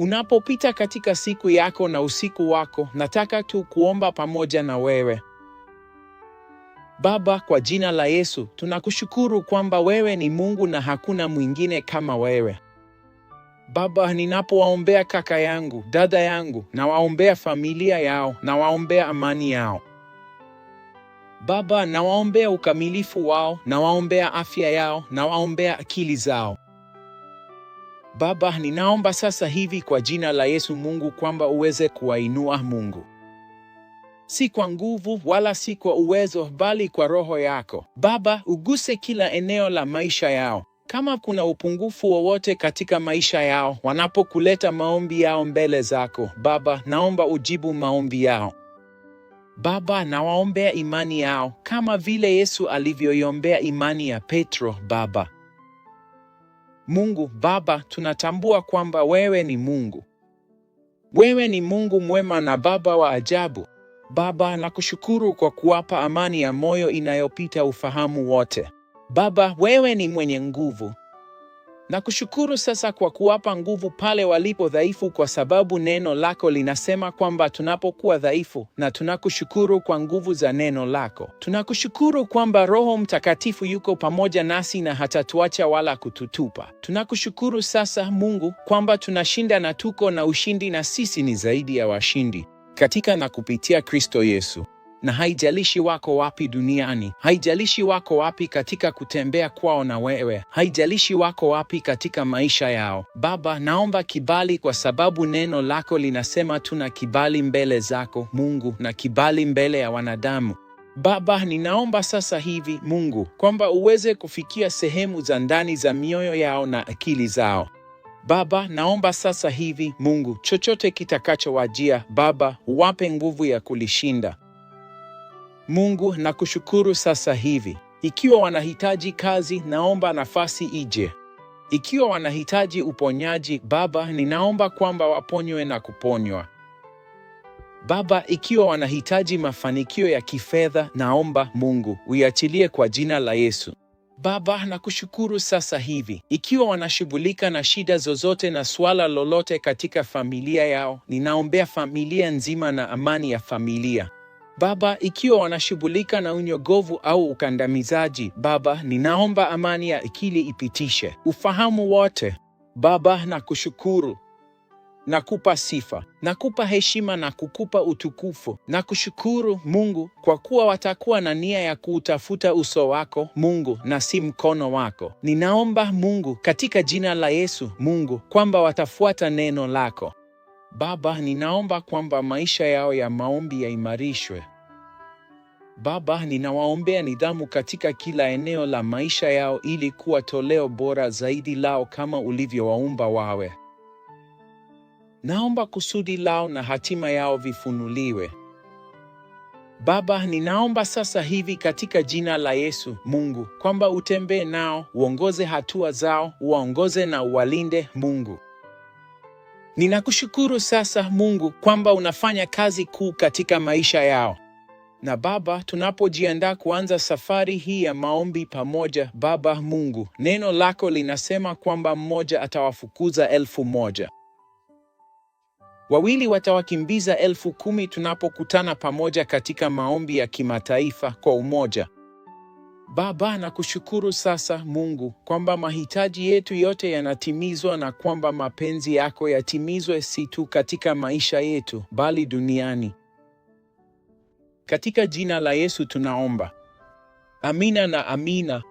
Unapopita katika siku yako na usiku wako, nataka tu kuomba pamoja na wewe. Baba, kwa jina la Yesu, tunakushukuru kwamba wewe ni Mungu na hakuna mwingine kama wewe. Baba, ninapowaombea kaka yangu, dada yangu, nawaombea familia yao, nawaombea amani yao. Baba, nawaombea ukamilifu wao, nawaombea afya yao, nawaombea akili zao. Baba, ninaomba sasa hivi kwa jina la Yesu Mungu kwamba uweze kuwainua Mungu, si kwa nguvu wala si kwa uwezo, bali kwa roho yako Baba. Uguse kila eneo la maisha yao. Kama kuna upungufu wowote katika maisha yao, wanapokuleta maombi yao mbele zako Baba, naomba ujibu maombi yao Baba, nawaombea imani yao kama vile Yesu alivyoiombea imani ya Petro Baba. Mungu Baba, tunatambua kwamba wewe ni Mungu. Wewe ni Mungu mwema na Baba wa ajabu. Baba, nakushukuru kwa kuwapa amani ya moyo inayopita ufahamu wote. Baba, wewe ni mwenye nguvu. Nakushukuru sasa kwa kuwapa nguvu pale walipo dhaifu, kwa sababu neno lako linasema kwamba tunapokuwa dhaifu, na tunakushukuru kwa nguvu za neno lako. Tunakushukuru kwamba Roho Mtakatifu yuko pamoja nasi na hatatuacha wala kututupa. Tunakushukuru sasa Mungu kwamba tunashinda na tuko na ushindi, na sisi ni zaidi ya washindi katika na kupitia Kristo Yesu na haijalishi wako wapi duniani, haijalishi wako wapi katika kutembea kwao na wewe, haijalishi wako wapi katika maisha yao. Baba, naomba kibali, kwa sababu neno lako linasema tuna kibali mbele zako Mungu, na kibali mbele ya wanadamu. Baba, ninaomba sasa hivi Mungu kwamba uweze kufikia sehemu za ndani za mioyo yao na akili zao. Baba, naomba sasa hivi Mungu, chochote kitakachowajia Baba, uwape nguvu ya kulishinda. Mungu na kushukuru sasa hivi. Ikiwa wanahitaji kazi, naomba nafasi ije. Ikiwa wanahitaji uponyaji, Baba, ninaomba kwamba waponywe na kuponywa. Baba, ikiwa wanahitaji mafanikio ya kifedha, naomba Mungu uiachilie kwa jina la Yesu. Baba, nakushukuru sasa hivi. Ikiwa wanashughulika na shida zozote na suala lolote katika familia yao, ninaombea familia nzima na amani ya familia. Baba, ikiwa wanashughulika na unyogovu au ukandamizaji, Baba, ninaomba amani ya akili ipitishe ufahamu wote. Baba, nakushukuru nakupa sifa, nakupa heshima na kukupa utukufu. Nakushukuru Mungu kwa kuwa watakuwa na nia ya kuutafuta uso wako Mungu na si mkono wako. Ninaomba Mungu katika jina la Yesu Mungu kwamba watafuata neno lako. Baba, ninaomba kwamba maisha yao ya maombi yaimarishwe. Baba, ninawaombea nidhamu katika kila eneo la maisha yao ili kuwa toleo bora zaidi lao kama ulivyowaumba wawe. Naomba kusudi lao na hatima yao vifunuliwe. Baba, ninaomba sasa hivi katika jina la Yesu Mungu kwamba utembee nao, uongoze hatua zao, uwaongoze na uwalinde Mungu. Ninakushukuru sasa Mungu kwamba unafanya kazi kuu katika maisha yao. Na Baba, tunapojiandaa kuanza safari hii ya maombi pamoja, Baba Mungu, neno lako linasema kwamba mmoja atawafukuza elfu moja, wawili watawakimbiza elfu kumi tunapokutana pamoja katika maombi ya kimataifa kwa umoja. Baba, nakushukuru sasa Mungu kwamba mahitaji yetu yote yanatimizwa na kwamba mapenzi yako yatimizwe si tu katika maisha yetu bali duniani. Katika jina la Yesu tunaomba. Amina na amina.